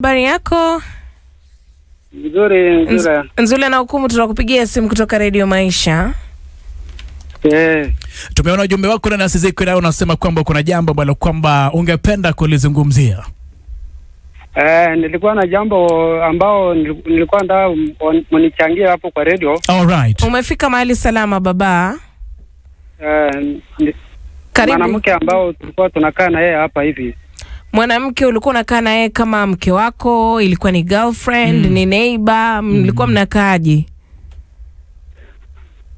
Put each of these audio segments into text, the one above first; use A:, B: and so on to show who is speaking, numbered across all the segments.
A: Habari yako?
B: Nzuri, Nzura. Nzuri na hukumu tunakupigia simu kutoka Radio Maisha. Yeah.
C: Tumeona ujumbe wako na nasi ziko leo unasema kwamba kuna jambo ambalo kwamba ungependa kulizungumzia.
B: Eh, nilikuwa na jambo ambao nilikuwa nataka mnichangie hapo kwa radio.
C: All right.
A: Umefika mahali salama baba.
B: Eh, karibu. mwanamke ambao tulikuwa tunakaa na yeye hapa hivi
A: mwanamke ulikuwa unakaa naye kama mke wako, ilikuwa ni girlfriend, mm. ni neighbor, mm. mlikuwa mm. mnakaaje?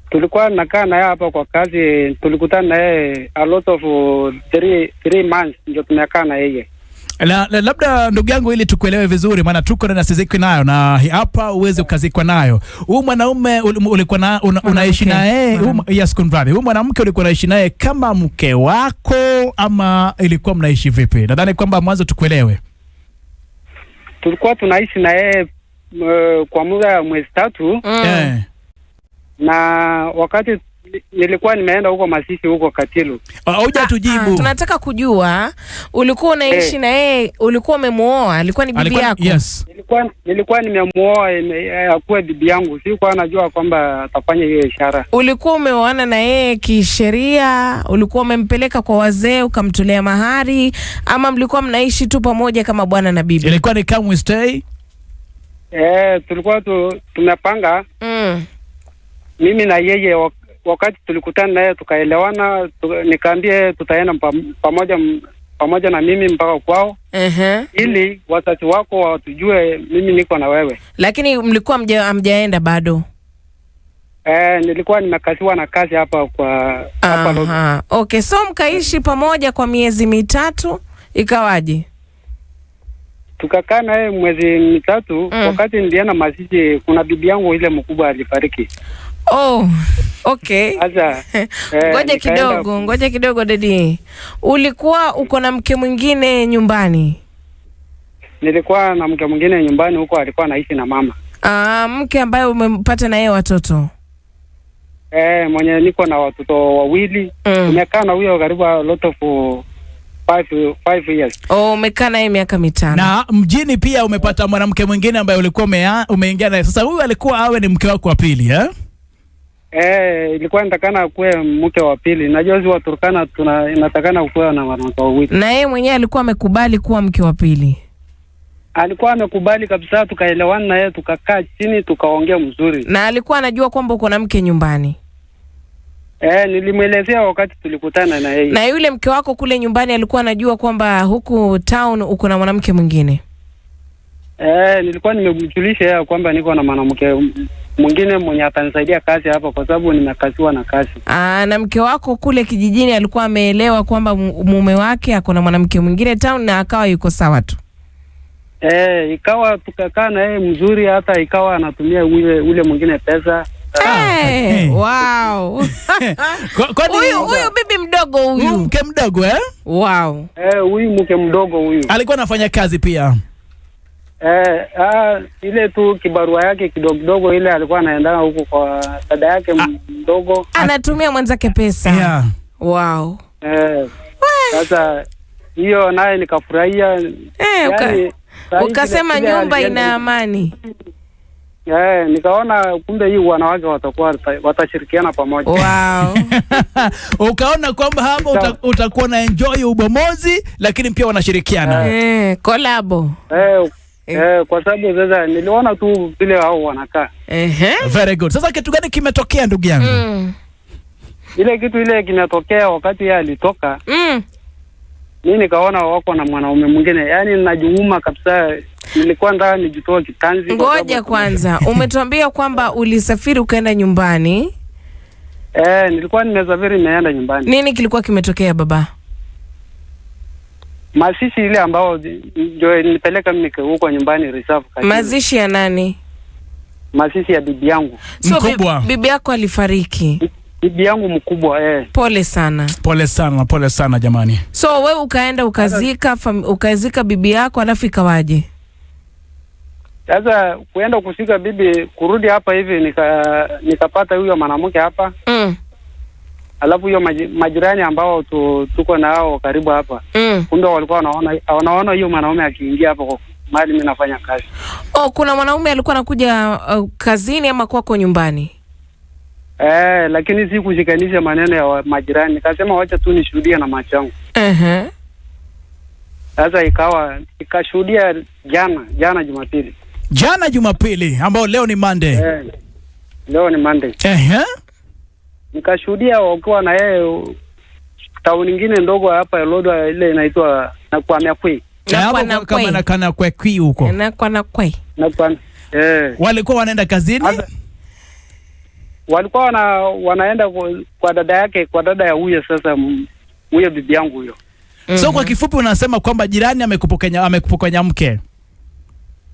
B: Tulikuwa nakaa naye hapa kwa kazi, tulikutana naye a lot of uh, three, three months ndio tumekaa na yeye
C: na, na labda ndugu yangu, ili tukuelewe vizuri, maana tuko na sizikwi nayo na hapa uweze ukazikwa nayo. huu mwanaume ulikuwa na una, unaishi naye yes, kumradhi, huu mwanamke ulikuwa unaishi naye kama mke wako ama ilikuwa mnaishi vipi? Nadhani kwamba mwanzo tukuelewe.
B: Tulikuwa tunaishi na yeye kwa muda wa mwezi tatu, mm. yeah. na wakati nilikuwa nimeenda huko Masisi huko Katilu.
C: Ah, tujibu. Ah,
A: tunataka kujua ulikuwa unaishi eh. na yeye, ulikuwa umemuoa, alikuwa ni bibi yako?
C: Yes.
B: Nilikuwa nilikuwa nimemuoa eh, akuwe bibi yangu, sikuwa najua kwamba atafanya hiyo ishara.
A: Ulikuwa umeoana na yeye kisheria, ulikuwa umempeleka kwa wazee ukamtolea mahari, ama mlikuwa mnaishi tu pamoja kama bwana na bibi?
C: Ilikuwa ni come we stay?
B: Eh, tulikuwa tu, tumepanga mm. mimi na yeye wakati tulikutana naye tukaelewana, nikaambia yeye tutaenda pamoja pamoja na mimi mpaka kwao. Uh-huh. Ili wazazi wako watujue mimi niko na wewe.
A: Lakini mlikuwa hamjaenda bado?
B: Eh, nilikuwa nimekasiwa na kazi hapa kwa
A: hapa Nairobi. Okay, so mkaishi pamoja kwa miezi mitatu ikawaje?
B: Tukakaa naye mwezi mitatu mm. Wakati nilienda Masisi kuna bibi yangu ile mkubwa alifariki.
A: Oh, okay.
B: Aza, eh,
A: ngoja kidogo, ngoja kidogo dadi. Ulikuwa uko na mke mwingine nyumbani?
B: Nilikuwa na mke mwingine nyumbani huko, alikuwa anaishi na mama.
A: Ah, mke ambaye umempata na yeye watoto?
B: Eh, mwenye niko na watoto wawili. Mm. umekaa mm. na huyo karibu a lot of uh, Five, five years.
A: Oh, umekaa naye miaka mitano.
C: Na mjini pia umepata mwanamke mwingine ambaye ulikuwa umeingia naye. Sasa huyu alikuwa awe ni mke wako wa pili eh?
B: Eh, ilikuwa inatakana akuwe mke wa pili. Najua sisi Waturkana tuna inatakana kuwe na wanawake wawili.
A: Na yeye mwenyewe alikuwa amekubali kuwa mke wa pili,
B: alikuwa amekubali kabisa, tukaelewana na yeye, tukakaa chini, tukaongea mzuri,
A: na alikuwa anajua kwamba uko na mke nyumbani.
B: Eh, nilimwelezea wakati tulikutana na yeye.
A: Na yule mke wako kule nyumbani alikuwa anajua kwamba huku town uko na mwanamke mwingine
B: Eh, nilikuwa nimemjulisha yeye kwamba niko na mwanamke mwingine mwenye atanisaidia kazi hapa kwa sababu nimekaziwa na kazi.
A: Aa, ah, na mke wako kule kijijini alikuwa ameelewa kwamba mume wake ako na mwanamke mwingine town na akawa yuko sawa tu.
B: Eh, ikawa tukakaa na yeye mzuri hata ikawa anatumia ule ule mwingine pesa.
A: Hey, eh, ah, eh. hey. Wow. Huyu huyu bibi mdogo huyu. Mke mdogo eh? Wow.
B: Eh, huyu mke mdogo huyu.
C: Alikuwa anafanya kazi pia.
B: Eh, ah, ile tu kibarua yake kidogo kidogo ile alikuwa anaendana huko kwa dada yake ah. mdogo,
A: anatumia mwenzake pesa yeah. Wow.
B: Eh, sasa hiyo naye nikafurahia eh,
A: yani, okay. ukasema nyumba ina amani
B: Yeah, nikaona kumbe hii wanawake watakuwa watashirikiana pamoja.
A: Wow.
C: Ukaona kwamba hapo uta, utakuwa na enjoy ubomozi lakini pia wanashirikiana.
A: Eh, yeah. Kolabo.
B: Hey, eh, Eh. eh, kwa sababu sasa niliona tu vile hao wanakaa.
A: Ehe.
C: Very good. Sasa kitu gani kimetokea ndugu yangu? Mm.
B: Ile kitu ile kinatokea wakati yeye alitoka. Mm. Mimi nikaona wako na mwanaume mwingine. Yaani ninajiuma kabisa. Nilikuwa nataka nijitoe kitanzi.
A: Ngoja kwanza. Umetuambia kwamba ulisafiri ukaenda nyumbani.
B: Eh, nilikuwa nimesafiri nimeenda nyumbani.
A: Nini kilikuwa kimetokea baba?
B: mazishi ile ambao ndio nilipeleka mimi huko nyumbani reserve.
A: Mazishi ya nani?
B: Mazishi ya bibi yangu.
A: So, mkubwa. Bibi yako alifariki?
B: Bibi yangu mkubwa, eh.
A: Pole sana.
C: Pole sana, pole sana jamani.
A: So wewe ukaenda ukazika fam, ukazika bibi yako alafu ikawaje?
B: Sasa kuenda kufika bibi kurudi hapa hivi nika nikapata huyo mwanamke hapa. Mm alafu hiyo majirani ambao tu, tuko nao karibu hapa mm. Kumbe walikuwa wanaona wanaona hiyo mwanaume akiingia hapo mahali mimi nafanya kazi.
A: Oh, kuna mwanaume alikuwa anakuja uh, kazini ama kwako nyumbani?
B: Eh, lakini si kushikanisha maneno ya majirani, nikasema wacha tu nishuhudie na macho yangu. Uh-huh. Sasa ikawa ikashuhudia jana jana Jumapili,
C: jana Jumapili ambao leo ni Monday.
B: Eh, leo ni Monday.
C: Uh-huh
B: nikashuhudia wakiwa na yeye tauni nyingine ndogo hapa Lodwa, ile inaitwa Nakwanakwe
C: kama kwi huko
A: Nakwanakwe
B: Nakwan, eh,
C: walikuwa wanaenda kazini Asa,
B: walikuwa wana, wanaenda kwa dada yake kwa dada ya huyo sasa huyo bibi yangu huyo.
C: mm -hmm. So Kwa mhm. kifupi unasema kwamba jirani amekupokenya amekupokenya mke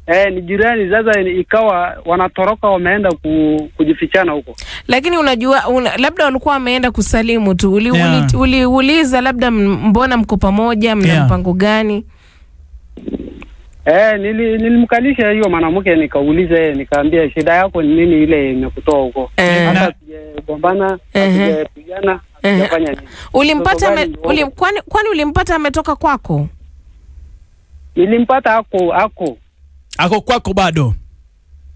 B: Eh, ni jirani sasa, ikawa wanatoroka wameenda ku, kujifichana huko,
A: lakini unajua una, labda walikuwa wameenda kusalimu tu. Uliuliza uli, uli, uli, labda mbona mko pamoja, mna yeah. mpango gani?
B: Eh, nili, nilimkalisha hiyo mwanamke nikauliza, yeye eh, nikaambia shida yako ni nini ile imekutoa huko eh, hata tujagombana eh. tujapigana eh. tujafanya nini?
A: Ulimpata kwani, kwani ulimpata ametoka kwako?
B: Nilimpata ako ako
C: ako kwako bado?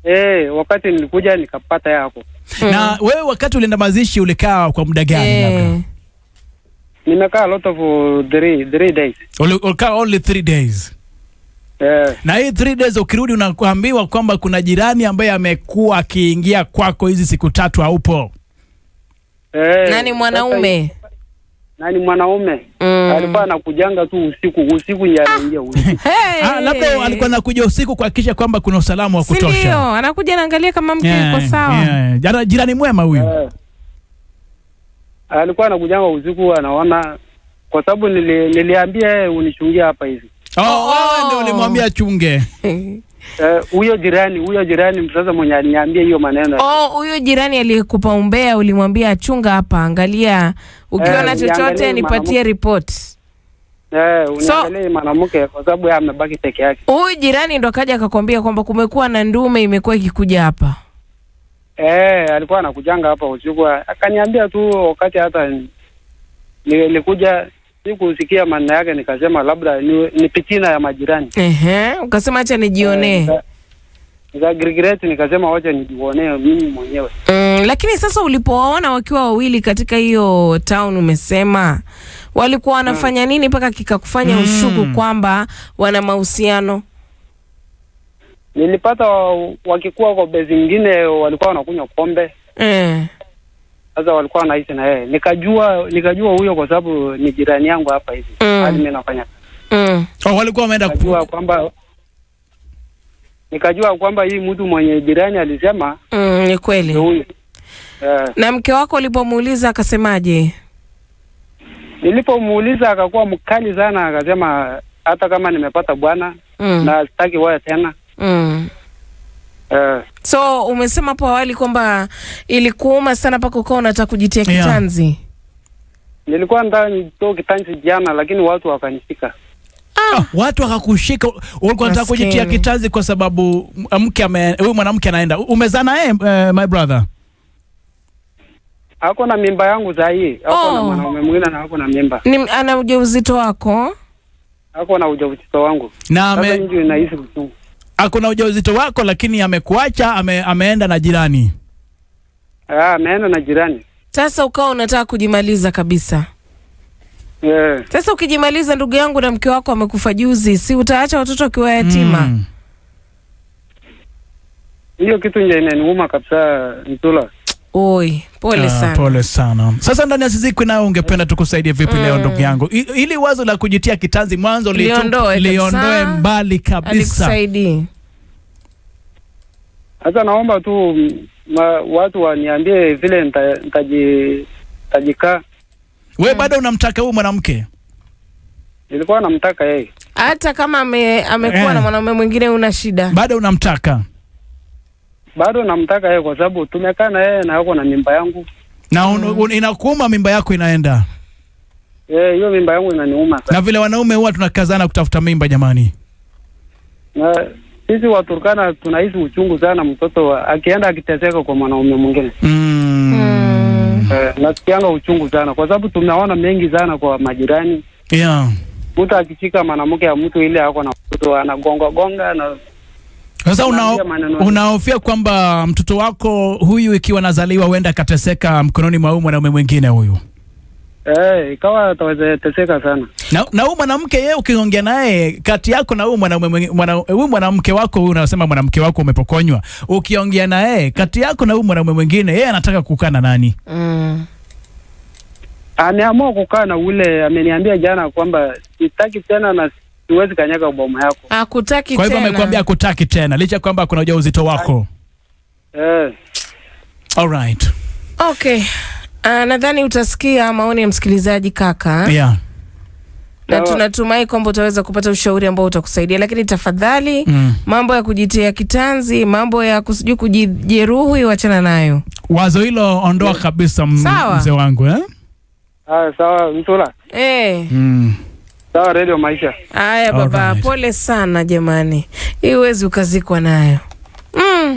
B: E, wakati nilikuja nikapata yako.
C: Na hmm. wewe wakati ulienda mazishi ulikaa kwa muda gani?
A: Eh. labda
B: nimekaa lot of uh, three, three days.
C: Ulikaa only three days? Yeah. Na hii three days ukirudi unakuambiwa kwamba kuna jirani ambaye amekuwa akiingia kwako hizi siku tatu haupo.
B: Hey, eh,
A: nani mwanaume?
B: nani mwanaume mm. alikuwa anakujanga tu usiku usiku nje ah. usiku
A: hey. Ah,
C: labda alikuwa anakuja usiku kuhakikisha kwamba kuna usalama wa kutosha,
A: ndio anakuja anaangalia kama mke yuko yeah, sawa yeah.
C: jana jirani mwema huyu yeah.
B: alikuwa anakujanga usiku anaona, kwa sababu nili, niliambia yeye unichungia hapa hivi.
C: Oh, oh, oh. Ndio ulimwambia chunge eh,
B: huyo uh, jirani huyo jirani msasa mwenye aliniambia hiyo maneno.
A: Oh, huyo jirani aliyekupa umbea ulimwambia achunga hapa, angalia Eh, na chochote nipatie report.
B: Eh, mwanamke kwa sababu yeye amebaki peke yake.
A: Huyu jirani ndo kaja akakwambia kwamba kumekuwa na ndume imekuwa ikikuja hapa.
B: Eh, alikuwa anakujanga hapa usiku. Akaniambia tu wakati hata nilikuja sikusikia maneno yake, nikasema labda ni, ni pitina ya majirani.
A: Ehe, ukasema acha nijionee.
B: Eh, nikasema wacha nijionee mimi mwenyewe.
A: Mm. Eh, lakini sasa ulipowaona wakiwa wawili katika hiyo town, umesema walikuwa wanafanya mm. nini mpaka kikakufanya mm. ushuku kwamba wana mahusiano?
B: Nilipata wakikuwa kwa kobe zingine walikuwa wanakunywa pombe eh. Sasa walikuwa wanaishi na yeye, nikajua nikajua huyo kwa sababu ni jirani yangu hapa hivi mm. hadi mimi nafanya
A: mm.
C: oh, walikuwa wameenda
B: kujua kwamba nikajua kwamba hii mtu mwenye jirani alisema
A: mm, ni kweli huyo. Eh. Na mke wako ulipomuuliza akasemaje?
B: Nilipomuuliza akakuwa mkali sana, akasema hata kama nimepata bwana mm. na sitaki wewe tena mm. Uh,
A: so umesema hapo awali kwamba ilikuuma sana mpaka ukawa unataka kujitia yeah.
B: Nilikuwa nataka nitoe kitanzi jana, lakini watu wakanishika.
C: Ah, ah, watu wakakushika. Ulikuwa unataka kujitia kitanzi kwa sababu mke huyu mwanamke anaenda, umezaa naye eh, my brother
B: ako na mimba yangu zaii, ako oh, na mwanaume mwingine na ako na mimba.
A: Ni ana ujauzito wako?
B: Ako na ujauzito wangu. Na ame nahisi uchungu.
C: Ako na ujauzito wako, lakini amekuacha, ame, ameenda na jirani.
B: Ah, ameenda na jirani.
A: Sasa ukawa unataka kujimaliza kabisa. Yeah. Sasa ukijimaliza, ndugu yangu, na mke wako amekufa juzi, si utaacha watoto wakiwa yatima?
B: Mm. kitu nje inaniuma kabisa, Mtula.
A: Oi, pole ah, sana. Uh,
C: pole sana. Sasa ndani ya Sizikwi nayo ungependa tukusaidie vipi mm, leo ndugu yangu? Ili wazo la kujitia kitanzi mwanzo liondoe liondoe mbali kabisa.
A: Alikusaidii.
B: Sasa naomba tu ma, watu waniambie vile nitajikaa.
C: Wewe hmm. bado unamtaka huyu mwanamke?
B: Nilikuwa namtaka yeye.
A: Hata kama amekuwa ame yeah. na mwanaume mwingine una shida.
C: Bado unamtaka?
B: bado namtaka yeye kwa sababu tumekaa na yeye na yuko na mimba yangu
C: na un, mm. un, inakuuma mimba yako inaenda
B: eh, hiyo. E, mimba yangu inaniuma
C: Na vile wanaume huwa tunakazana kutafuta mimba jamani,
B: na sisi Waturkana tunahisi uchungu sana, mtoto akienda akiteseka kwa mwanaume mwingine mm. mm. E, nasikianga uchungu sana kwa sababu tunaona mengi sana kwa majirani yeah. Mtu akishika mwanamke ya mtu ile ako na mtoto anagonga gonga na
C: sasa unahofia kwamba mtoto wako huyu ikiwa nazaliwa huenda akateseka mkononi mwa huyu mwanaume mwingine huyu?
B: Eh, ikawa ataweza teseka sana.
C: Na huyu mwanamke yeye ukiongea naye kati yako na huyu mwanaume mwingine, huyu mwanamke wako huyu unasema mwanamke wako umepokonywa. Ukiongea naye kati yako na huyu mwanaume mwingine yeye anataka kukaa na nani?
A: Mm.
B: Ameamua kukaa na ule ameniambia jana kwamba sitaki tena na huwezi kanyaga bomu yako.
A: Akutaki tena. Kwa hivyo
C: amekwambia akutaki tena licha kwamba kuna ujauzito wako. Yes. Eh. All right.
A: Okay. Uh, nadhani utasikia maoni ya msikilizaji kaka. Yeah. Na tunatumai kwamba utaweza kupata ushauri ambao utakusaidia, lakini tafadhali mm, mambo ya kujitia kitanzi, mambo ya kusijui kujijeruhi, wachana nayo.
C: Wazo hilo ondoa mm. kabisa, mzee wangu eh?
B: Ah, sawa Mtula.
A: Eh.
C: Mm.
B: Sawa, redio Maisha.
A: Haya baba, right. Pole sana jamani, hii huwezi ukazikwa nayo mm.